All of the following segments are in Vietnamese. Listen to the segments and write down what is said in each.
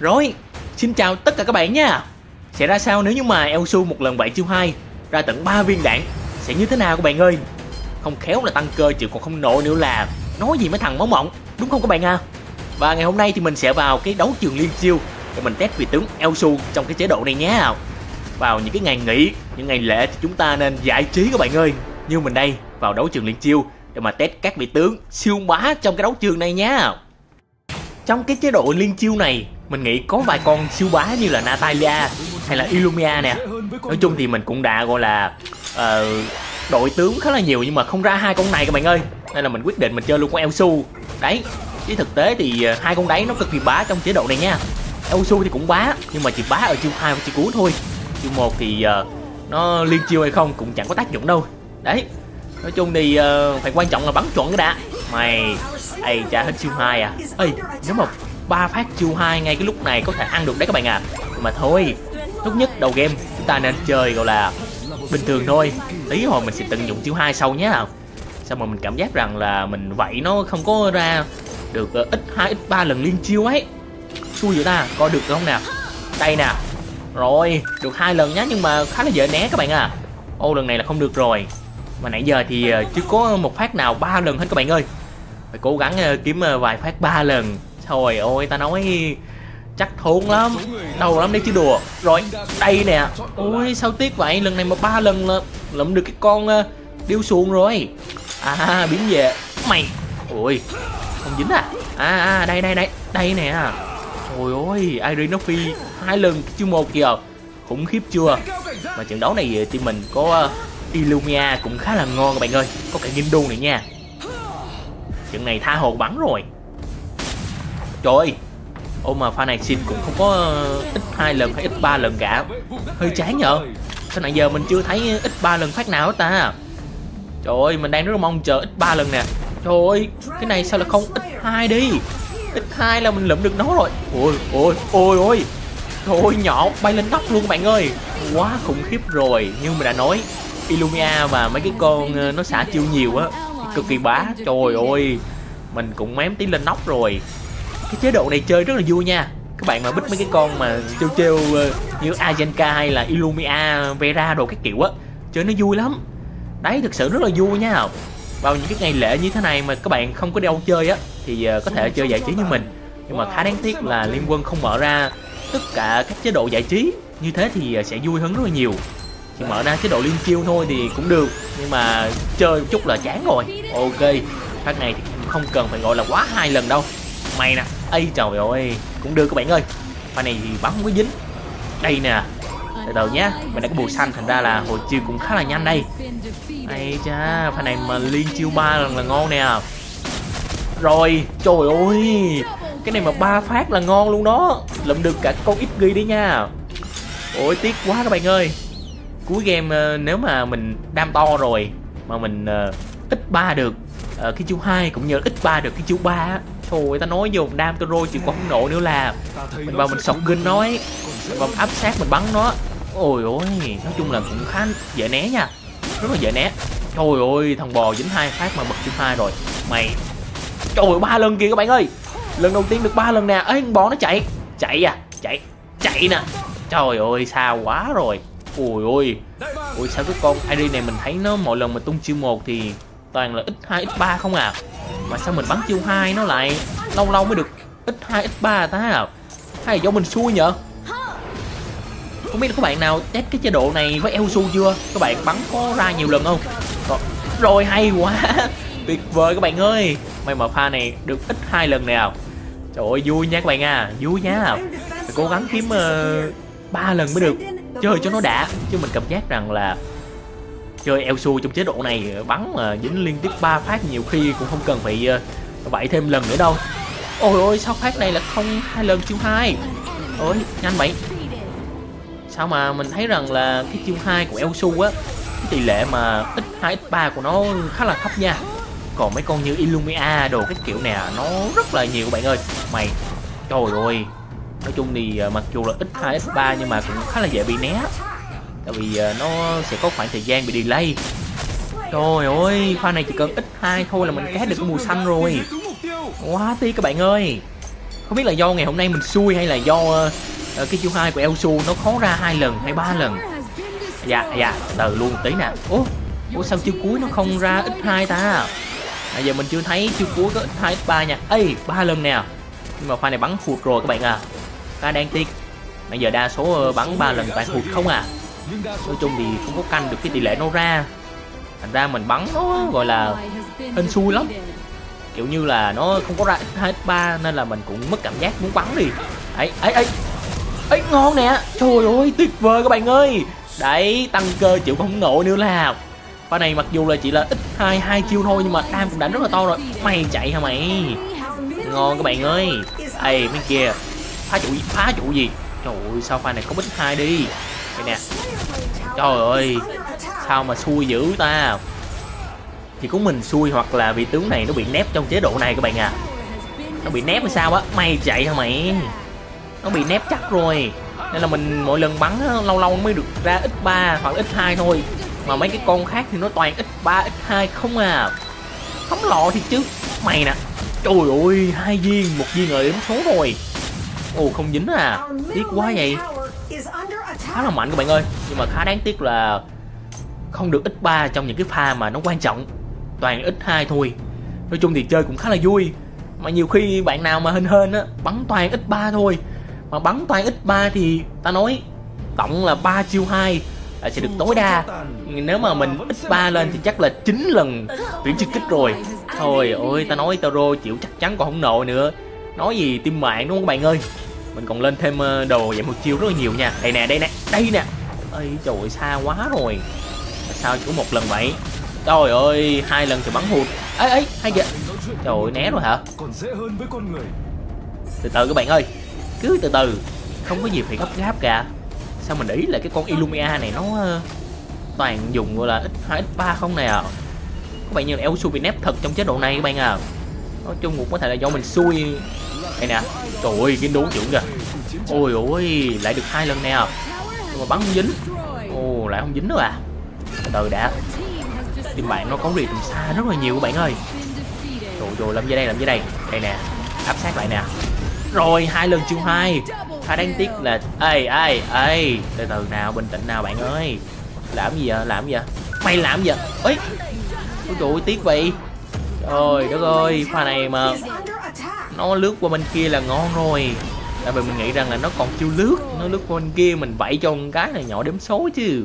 Rồi, xin chào tất cả các bạn nha Sẽ ra sao nếu như mà Elsu một lần bậy chiêu 2 Ra tận 3 viên đạn Sẽ như thế nào các bạn ơi Không khéo là tăng cơ chịu còn không nổi nữa là Nói gì mấy thằng máu mộng Đúng không các bạn à Và ngày hôm nay thì mình sẽ vào cái đấu trường liên chiêu Để mình test vị tướng Elsu trong cái chế độ này nhé Vào những cái ngày nghỉ Những ngày lễ thì chúng ta nên giải trí các bạn ơi Như mình đây vào đấu trường liên chiêu Để mà test các vị tướng siêu bá trong cái đấu trường này nhé. trong cái chế độ liên chiêu này mình nghĩ có vài con siêu bá như là Natalia hay là Illumia nè nói chung thì mình cũng đã gọi là uh, đội tướng khá là nhiều nhưng mà không ra hai con này các bạn ơi nên là mình quyết định mình chơi luôn con Elsu đấy chứ thực tế thì ờ, hai con đấy nó cực kỳ bá trong chế độ này nha Elsu thì cũng bá nhưng mà chỉ bá ở chiêu hai và chiêu cuối thôi chiêu một thì uh, nó liên chiêu hay không cũng chẳng có tác dụng đâu đấy nói chung thì uh, phải quan trọng là bắn chuẩn cái đã mày ây trả hết siêu hai à ây nếu mà ba phát chiêu hai ngay cái lúc này có thể ăn được đấy các bạn ạ à. mà thôi tốt nhất đầu game chúng ta nên chơi gọi là bình thường thôi tí hồi mình sẽ tận dụng chiêu hai sau nhé sao mà mình cảm giác rằng là mình vậy nó không có ra được ờ, ít hai ít ba lần liên chiêu ấy xui vậy ta coi được không nè đây nè rồi được hai lần nhá nhưng mà khá là dễ né các bạn à ô lần này là không được rồi mà nãy giờ thì ờ, chưa có một phát nào ba lần hết các bạn ơi phải cố gắng ờ, kiếm vài phát ba lần Trời ơi ta nói chắc thốn lắm Đầu lắm đấy chứ đùa Rồi đây nè Ôi sao tiếc vậy lần này mà ba lần là lượm được cái con uh, điêu xuồng rồi À biến về Mày ui, không dính à À à đây đây đây Đây nè Ôi ôi Irene nó phi hai lần chứ một kìa Khủng khiếp chưa Mà trận đấu này ờ, team mình có uh, ờ, Illumia cũng khá là ngon các bạn ơi Có cả Gindu này nha Trận này tha hồ bắn rồi trời ô mà pha này xin cũng không có ờ, ít hai lần hay ít ba lần cả hơi chán nhở sao nãy giờ mình chưa thấy ít ba lần phát nào hết ta trời ơi mình đang rất là mong chờ ít ba lần nè trời ơi cái này sao là không ít hai đi ít hai là mình lượm được nó rồi ôi ôi ôi ôi trời ơi nhỏ bay lên nóc luôn các bạn ơi quá khủng khiếp rồi như mình đã nói Illumia và mấy cái con ờ, nó xả chiêu nhiều á cực kỳ bá trời ơi mình cũng mém tí lên nóc rồi cái chế độ này chơi rất là vui nha các bạn mà bích mấy cái con mà trêu trêu ờ, như Ajenka hay là Illumia, Vera đồ các kiểu á chơi nó vui lắm đấy thực sự rất là vui nha vào những cái ngày lễ như thế này mà các bạn không có đâu chơi á thì ờ, có thể chơi giải trí như mình nhưng mà khá đáng tiếc là liên quân không mở ra tất cả các chế độ giải trí như thế thì ờ, sẽ vui hơn rất là nhiều thì mở ra chế độ liên chiêu thôi thì cũng được nhưng mà chơi một chút là chán rồi ok phát này thì không cần phải gọi là quá hai lần đâu mày nè ấy trời ơi cũng đưa các bạn ơi pha này thì bắn mới dính đây nè từ từ nhé mình đã có bùa xanh thành ra là hồi chiều cũng khá là nhanh đây ai cha pha này mà liên chiêu ba lần là ngon nè rồi trời ơi cái này mà ba phát là ngon luôn đó lượm được cả con ít ghi đấy nha ôi tiếc quá các bạn ơi cuối game ờ, nếu mà mình đam to rồi mà mình uh, ít ba được uh, cái chiêu hai cũng như ít ba được cái chiêu ba thôi ta nói vô đam tôi rôi chịu còn không nộ nữa là mình vào mình sọc kinh nói mình vào áp sát mình bắn nó ôi ôi nói chung là cũng khá dễ né nha rất là dễ né trời ơi thằng bò dính hai phát mà bật chữ hai rồi mày trời ơi ba lần kìa các bạn ơi lần đầu tiên được ba lần nè ấy bò nó chạy chạy à chạy chạy nè trời ơi xa quá rồi ui ôi ui sao cái con id này mình thấy nó mỗi lần mà tung chiêu một thì toàn là x2 x3 không à mà sao mình bắn chiêu hai nó lại lâu lâu mới được x2 x3 ta à hay do mình xui nhở không biết là các bạn nào test cái chế độ này với Elsu chưa các bạn bắn có ra nhiều lần không rồi, rồi hay quá tuyệt vời các bạn ơi may mà pha này được ít hai lần nào trời ơi vui nha các bạn à vui nha Phải cố gắng kiếm ờ, ba uh, lần mới được chơi cho nó đã chứ mình cảm giác rằng là chơi Elsu trong chế độ này ờ, bắn mà dính liên tiếp ba phát nhiều khi cũng không cần phải ờ, bậy thêm lần nữa đâu ôi ôi sao phát này là không hai lần chiêu hai ôi nhanh vậy sao mà mình thấy rằng là cái chiêu hai của Elsu á tỷ lệ mà x 2 x 3 của nó khá là thấp nha còn mấy con như Illumia đồ cái kiểu nè nó rất là nhiều bạn ơi mày trời ơi nói chung thì ờ, mặc dù là x 2 x 3 nhưng mà cũng khá là dễ bị né tại vì ờ, nó sẽ có khoảng thời gian bị delay trời ơi pha này chỉ cần ít hai thôi là mình cát được mùa xanh rồi quá tiếc các bạn ơi không biết là do ngày hôm nay mình xui hay là do uh, cái chu hai của Elsu nó khó ra hai lần hay ba lần dạ dạ từ luôn tí nè ố ủa sao chiêu cuối nó không ra ít hai ta à, giờ mình chưa thấy chiêu cuối có ít hai ít ba nha ê ba lần nè nhưng mà pha này bắn hụt rồi các bạn à pha đang tiếc bây giờ đa số bắn ba lần bạn hụt không à nói chung thì không có canh được cái tỷ lệ nó ra thành ra mình bắn nó gọi là hên xui lắm kiểu như là nó không có ra hết ba nên là mình cũng mất cảm giác muốn bắn đi ấy ấy ấy ấy ngon nè trời ơi tuyệt vời các bạn ơi đấy tăng cơ chịu không nổi nữa là pha này mặc dù là chỉ là ít hai hai chiêu thôi nhưng mà đam cũng đánh rất là to rồi mày chạy hả mày ngon các bạn ơi ây bên kia phá trụ phá trụ gì trời ơi sao pha này có bích hai đi đây nè trời ơi sao mà xui dữ ta thì cũng mình xui hoặc là vị tướng này nó bị nép trong chế độ này các bạn à nó bị nép hay sao á mày chạy hả mày nó bị nép chắc rồi nên là mình mỗi lần bắn á, lâu lâu mới được ra ít 3 hoặc ít 2 thôi mà mấy cái con khác thì nó toàn ít 3 ít 2 không à không lọ thì chứ mày nè trời ơi hai viên một viên ở điểm số rồi ồ không dính à tiếc quá vậy khá là mạnh các bạn ơi nhưng mà khá đáng tiếc là không được ít 3 trong những cái pha mà nó quan trọng toàn ít hai thôi nói chung thì chơi cũng khá là vui mà nhiều khi bạn nào mà hình hên á bắn toàn ít 3 thôi mà bắn toàn ít 3 thì ta nói tổng là 3 chiêu 2 là sẽ được tối đa nếu mà mình ít 3 lên thì chắc là 9 lần tuyển trực kích rồi thôi ôi ta nói taro chịu chắc chắn còn không nổi nữa nói gì tim mạng đúng không các bạn ơi mình còn lên thêm ờ, đồ dạng một chiêu rất là nhiều nha đây nè đây nè đây nè ây trời ơi xa quá rồi sao chỉ có một lần vậy trời ơi hai lần thì bắn hụt ấy ấy hay kìa trời né rồi hả còn dễ hơn với con người từ từ các bạn ơi cứ từ từ không có gì phải gấp gáp cả sao mình để ý là cái con Illumia này nó ờ, toàn dùng gọi là ít hai ít ba không này à các bạn như là El Supinep thật trong chế độ này các bạn à nói chung cũng có thể là do mình xui đây nè Trời ơi, cái đốn trưởng kìa Ôi ôi, lại được hai lần nè Nhưng mà bắn không dính Ồ, lại không dính nữa à Từ từ đã Team bạn nó có rìa tầm xa rất là nhiều các bạn ơi Trời ơi, làm gì đây, làm gì đây Đây nè, áp sát lại nè Rồi, hai lần chiêu hai Khá đáng tiếc là ai ai ai Từ từ nào, bình tĩnh nào bạn ơi Làm gì vậy, làm gì vậy Mày làm gì vậy Ê Ôi trời ơi, tiếc vậy Trời đất ơi, pha này mà nó lướt qua bên kia là ngon rồi tại vì mình nghĩ rằng là nó còn chưa lướt nó lướt qua bên kia mình vẫy cho con cái là nhỏ đếm số chứ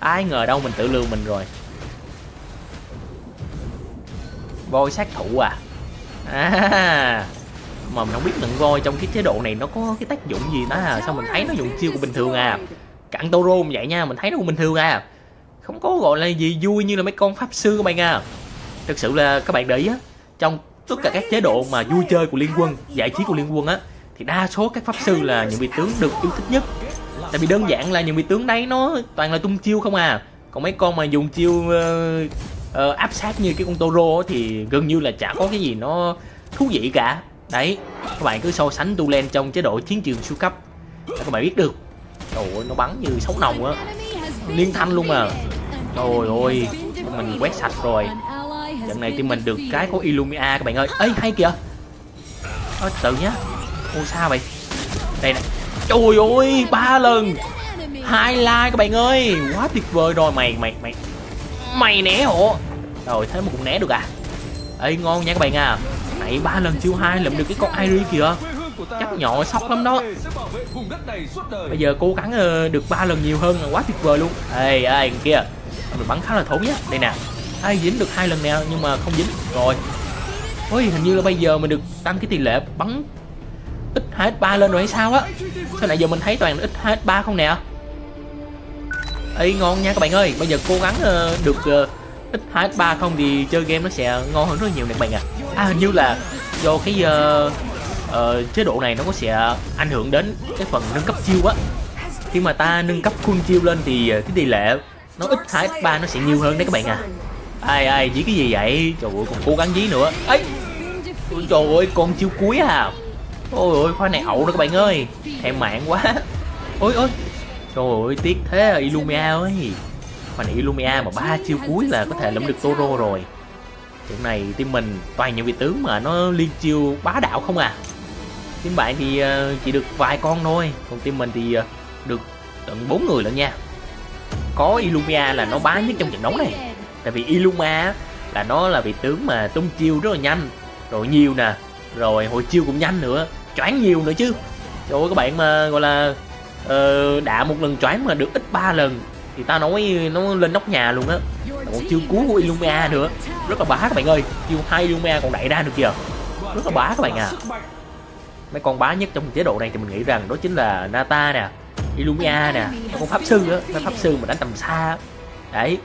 ai ngờ đâu mình tự lừa mình rồi voi sát thủ à à mà mình không biết lượng voi trong cái chế độ này nó có cái tác dụng gì đó à sao mình thấy nó dùng chiêu của bình thường à cặn toro vậy nha mình thấy nó cũng bình thường à không có gọi là gì vui như là mấy con pháp sư các bạn à thực sự là các bạn để ý á trong tất cả các chế độ mà vui chơi của liên quân giải trí của liên quân á thì đa số các pháp sư là những vị tướng được yêu thích nhất tại vì đơn giản là những vị tướng đấy nó toàn là tung chiêu không à còn mấy con mà dùng chiêu uh, uh, áp sát như cái con toro thì gần như là chả có cái gì nó thú vị cả đấy các bạn cứ so sánh tulen trong chế độ chiến trường siêu cấp là các bạn biết được trời ơi nó bắn như sóng nồng á liên thanh luôn à trời ơi mình quét sạch rồi Trận này thì mình được cái có Illumia các bạn ơi ấy hay kìa Ôi tự nhá Ô sao vậy Đây này Trời ơi ba lần hai like các bạn ơi Quá tuyệt vời rồi mày mày mày Mày né hộ Rồi thế mà cũng né được à Ê ngon nha các bạn à Nãy ba lần chiêu hai lượm được cái con Airy kìa Chắc nhỏ sốc lắm đó Bây giờ cố gắng ờ, được ba lần nhiều hơn là quá tuyệt vời luôn Ê ê kia Mình bắn khá là thốn nhá Đây nè ai dính được hai lần nè nhưng mà không dính rồi ôi hình như là bây giờ mình được tăng cái tỷ lệ bắn ít hai ba lên rồi hay sao á sao nãy giờ mình thấy toàn ít hai ba không nè ấy ngon nha các bạn ơi bây giờ cố gắng ờ, được uh, ít hai ba không thì chơi game nó sẽ ngon hơn rất nhiều nè các bạn ạ à. à hình như là do cái uh, uh, chế độ này nó có sẽ ảnh hưởng đến cái phần nâng cấp chiêu á khi mà ta nâng cấp khuôn chiêu lên thì cái tỷ lệ nó ít hai ba nó sẽ nhiều hơn đấy các bạn ạ à ai ai dí cái gì vậy trời ơi còn cố gắng dí nữa ấy Ôi, trời ơi con chiêu cuối à ôi ôi pha này ẩu đó các bạn ơi thèm mạng quá ôi ôi trời ơi tiếc thế à, Illumia ơi pha này Illumia mà ba chiêu cuối là có thể lẫm được Toro rồi Trận này team mình toàn những vị tướng mà nó liên chiêu bá đạo không à Team bạn thì ờ, chỉ được vài con thôi Còn team mình thì ờ, được tận bốn người lận nha Có Illumia là nó bá nhất trong trận đấu này tại vì Iluma là nó là vị tướng mà tung chiêu rất là nhanh rồi nhiều nè rồi hồi chiêu cũng nhanh nữa choáng nhiều nữa chứ trời ơi các bạn mà gọi là uh, đạ một lần choáng mà được ít ba lần thì ta nói nó lên nóc nhà luôn á một chiêu cú của Illumia nữa rất là bá các bạn ơi chiêu hai Illumia còn đẩy ra được kìa rất là bá các bạn à mấy con bá nhất trong chế độ này thì mình nghĩ rằng đó chính là Nata nè Illumia nè con pháp sư á con pháp sư mà đánh tầm xa đấy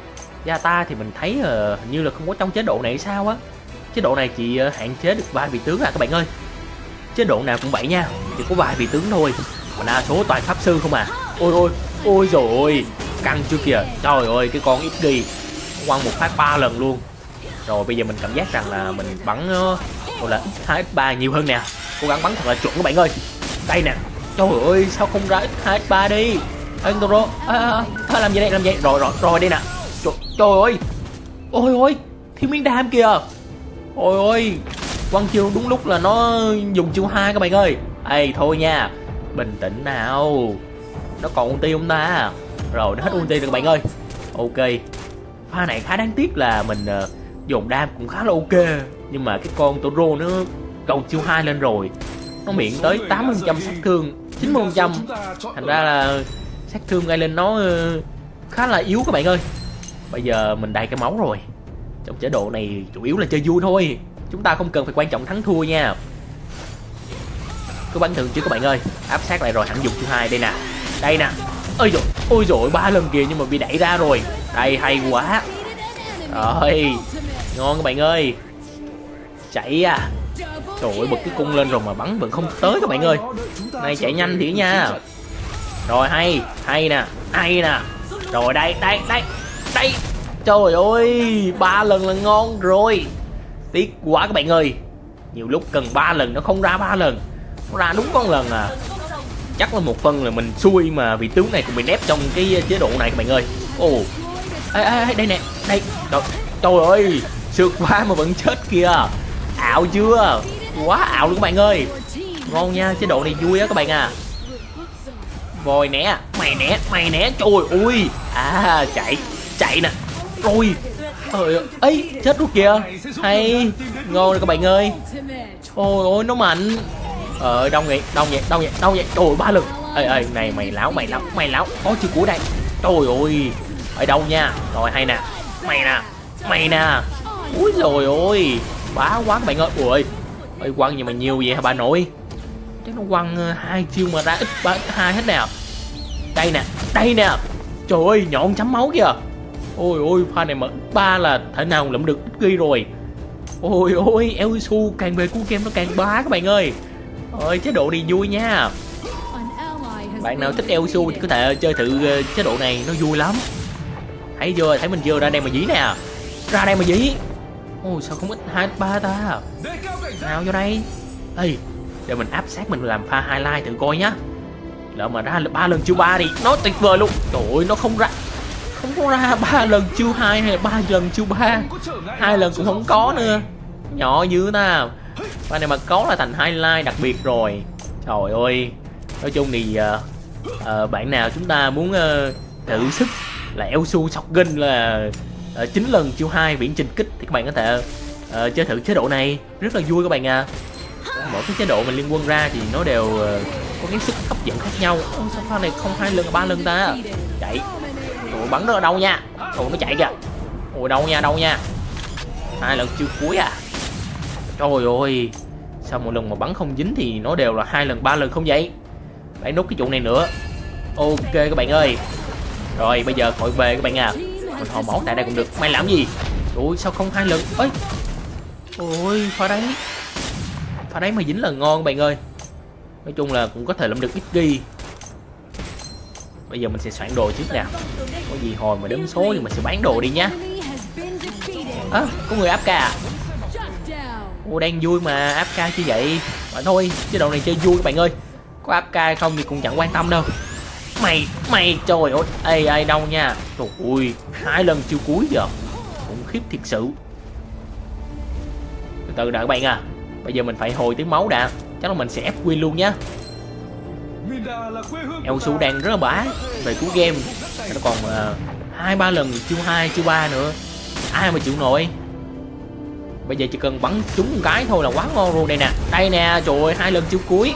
Ta thì mình thấy uh, như là không có trong chế độ này sao á chế độ này chỉ uh, hạn chế được vài vị tướng à các bạn ơi chế độ nào cũng vậy nha chỉ có vài vị tướng thôi mà đa số toàn pháp sư không à ôi ôi ôi rồi ôi căng chưa kìa trời ơi cái con ít đi quăng một phát ba lần luôn rồi bây giờ mình cảm giác rằng là mình bắn uh, gọi là x2 x3 nhiều hơn nè cố gắng bắn thật là chuẩn các bạn ơi đây nè trời ơi sao không ra x2 x3 đi Enduro à, à, à, à, làm gì đây làm gì rồi rồi rồi đây nè Trời ơi Ôi ôi Thiên miếng đam kìa Ôi ôi quang chiêu đúng lúc là nó dùng chiêu hai các bạn ơi Ê thôi nha Bình tĩnh nào Nó còn ulti không ta Rồi nó hết ờ, ulti rồi các bạn ơi Ok Pha này khá đáng tiếc là mình uh, dùng đam cũng khá là ok Nhưng mà cái con Toro nó cầu chiêu hai lên rồi Nó miệng tới 80% sát thương 90% Thành ra là sát thương ngay lên nó uh, khá là yếu các bạn ơi Bây giờ mình đầy cái máu rồi Trong chế độ này chủ yếu là chơi vui thôi Chúng ta không cần phải quan trọng thắng thua nha Cứ bắn thường chứ các bạn ơi Áp sát lại rồi hẳn dùng thứ hai đây nè Đây nè Ôi dồi, ôi dồi, ba lần kìa nhưng mà bị đẩy ra rồi Đây, hay quá Rồi, ngon các bạn ơi Chạy à Trời ơi, bật cái cung lên rồi mà bắn vẫn không tới các bạn ơi Này chạy nhanh thì nha Rồi, hay, hay nè, hay nè Rồi, đây, đây, đây đây trời ơi ba lần là ngon rồi tiếc quá các bạn ơi nhiều lúc cần ba lần nó không ra ba lần nó ra đúng con lần à chắc là một phần là mình xui mà vị tướng này cũng bị nép trong cái chế độ này các bạn ơi ồ oh. ê, ê, đây nè đây trời, trời ơi sượt quá mà vẫn chết kìa ảo chưa quá ảo luôn các bạn ơi ngon nha chế độ này vui á các bạn à voi né mày né mày né trời ơi à chạy chạy nè rồi trời ấy chết luôn kìa hay ngon rồi các bạn ơi ôi ôi nó mạnh ờ đông vậy đông vậy đông vậy đông vậy trời ba lực ê ê này mày láo mày láo mày láo có chiêu của đây trời ơi ở đâu nha rồi hay nè mày nè mày nè úi rồi ôi bá quá các bạn ơi ui ơi quăng gì mà nhiều vậy hả bà nội chắc nó quăng ờ, hai chiêu mà ra ít ba hai hết nè đây nè đây nè trời ơi nhọn chấm máu kìa Ôi ôi pha này mở ba là thể nào cũng lượm được ghi rồi Ôi ôi Elisu càng về cú game nó càng bá các bạn ơi Ôi chế độ này vui nha Bạn nào thích Elisu thì có thể chơi thử ờ, chế độ này nó vui lắm thấy chưa thấy mình vừa ra đây mà dí nè Ra đây mà dí Ôi sao không ít hai ba ta Nào vô đây Ê để mình áp sát mình làm pha highlight thử coi nhá Lỡ mà ra ba lần chưa ba thì nó tuyệt vời luôn Trời ơi nó không ra không ra ba lần chiêu hai hay ba lần chiêu ba hai lần cũng không có nữa nhỏ dữ ta ba này mà có là thành highlight đặc biệt rồi trời ơi nói chung thì uh, uh, bạn nào chúng ta muốn uh, thử sức là Elsu Shotgun là uh, lần chiêu hai viễn trình kích thì các bạn có thể uh, chơi thử chế độ này rất là vui các bạn à mỗi cái chế độ mình liên quân ra thì nó đều uh, có cái sức hấp dẫn khác nhau Ô, sao pha này không hai lần ba lần ta chạy Ủa bắn nó ở đâu nha Ủa nó chạy kìa ui đâu nha đâu nha Hai lần chưa cuối à Trời ơi Sao một lần mà bắn không dính thì nó đều là hai lần ba lần không vậy Phải nút cái trụ này nữa Ok các bạn ơi Rồi bây giờ khỏi về các bạn à Mình hồi máu tại đây cũng được Mày làm gì ui sao không hai lần ấy Ôi pha đấy Pha đấy mà dính là ngon bạn ơi Nói chung là cũng có thể làm được ít ghi bây giờ mình sẽ soạn đồ trước nè có gì hồi mà đếm số thì mình sẽ bán đồ đi nhá à, có người áp ca à Ô, đang vui mà áp ca chứ vậy mà thôi chế độ này chơi vui các bạn ơi có áp ca không thì cũng chẳng quan tâm đâu mày mày trời ơi ai, ai đâu nha trời ơi hai lần chiêu cuối giờ khủng khiếp thiệt sự từ từ đã các bạn à bây giờ mình phải hồi tiếng máu đã chắc là mình sẽ ép win luôn nhá El Su đang rất là bá về cuối game nó còn ờ, hai ba lần chiêu hai chiêu ba nữa ai mà chịu nổi bây giờ chỉ cần bắn trúng cái thôi là quá ngon luôn đây nè đây nè trời ơi hai lần chiêu cuối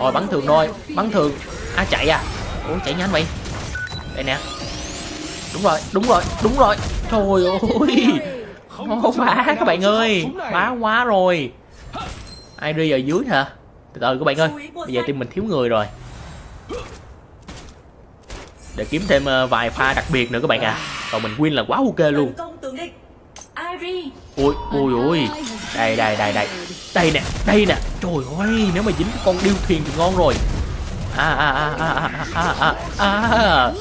rồi bắn thường thôi bắn thường à chạy à ủa chạy nhanh vậy đây nè đúng rồi đúng rồi đúng rồi trời ơi không bá các bạn ơi bá quá rồi ai đi ở dưới hả từ từ các bạn ơi bây giờ team mình thiếu người rồi để kiếm thêm ờ, vài pha đặc biệt nữa các bạn à còn mình win là quá ok luôn ui ui ui đây đây đây đây đây nè đây nè trời ơi nếu mà dính con điêu thuyền thì ngon rồi à à à à à à à, à, à.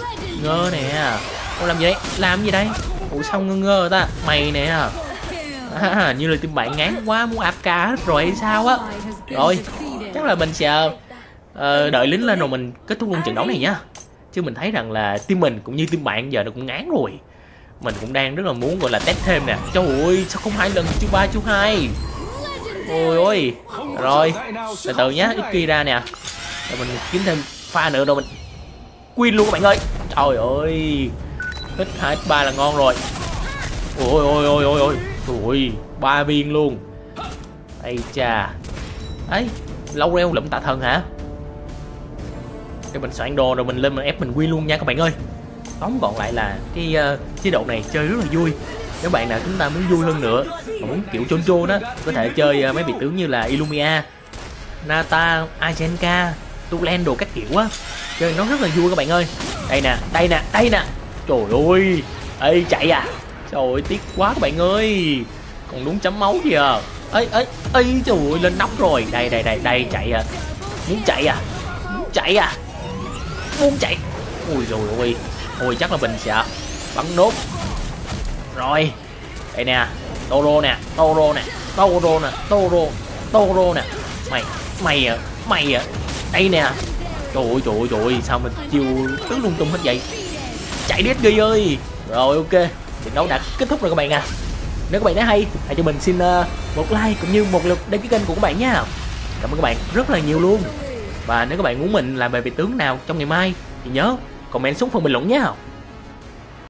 ngơ nè Ô, làm gì đấy làm gì đây ủa sao ngơ ngơ ta mày nè à, như là tim bạn ngán quá muốn áp cả rồi hay sao á rồi chắc là mình sẽ uh, đợi lính lên rồi mình kết thúc luôn trận đấu này nhá chứ mình thấy rằng là team mình cũng như team bạn giờ nó cũng ngán rồi mình cũng đang rất là muốn gọi là test thêm nè trời ơi sao không hai lần chú ba chú hai ôi ôi rồi từ từ nhá ít kia ra nè rồi mình kiếm thêm pha nữa rồi mình queen luôn các bạn ơi trời ơi hết hai ba là ngon rồi ôi ôi ôi ôi ôi ôi ba viên luôn ây chà ấy lâu reo lụm tạ thần hả để mình soạn đồ rồi mình lên mình ép mình quy luôn nha các bạn ơi tóm gọn lại là cái uh, chế độ này chơi rất là vui nếu bạn nào chúng ta muốn vui hơn nữa mà muốn kiểu chôn chôn đó có thể chơi uh, mấy vị tướng như là Illumia Nata, Ajenka, Tulen đồ các kiểu á chơi nó rất là vui các bạn ơi đây nè đây nè đây nè trời ơi ê chạy à trời ơi tiếc quá các bạn ơi còn đúng chấm máu kìa ấy ấy ấy trời ơi lên nóc rồi đây đây đây đây chạy à muốn chạy à muốn chạy à muốn chạy ui rồi ui, ui chắc là mình sợ. bắn nốt rồi đây nè toro nè toro nè toro nè toro toro nè mày mày à mày à đây nè trời ơi trời ơi trời ơi sao mình chiêu cứ lung tung hết vậy chạy đi đi ơi rồi ok trận đấu đã kết thúc rồi các bạn à nếu các bạn thấy hay, hãy cho mình xin ờ, một like cũng như một lượt đăng ký kênh của các bạn nha. Cảm ơn các bạn rất là nhiều luôn. Và nếu các bạn muốn mình làm bài vị tướng nào trong ngày mai thì nhớ comment xuống phần bình luận nha.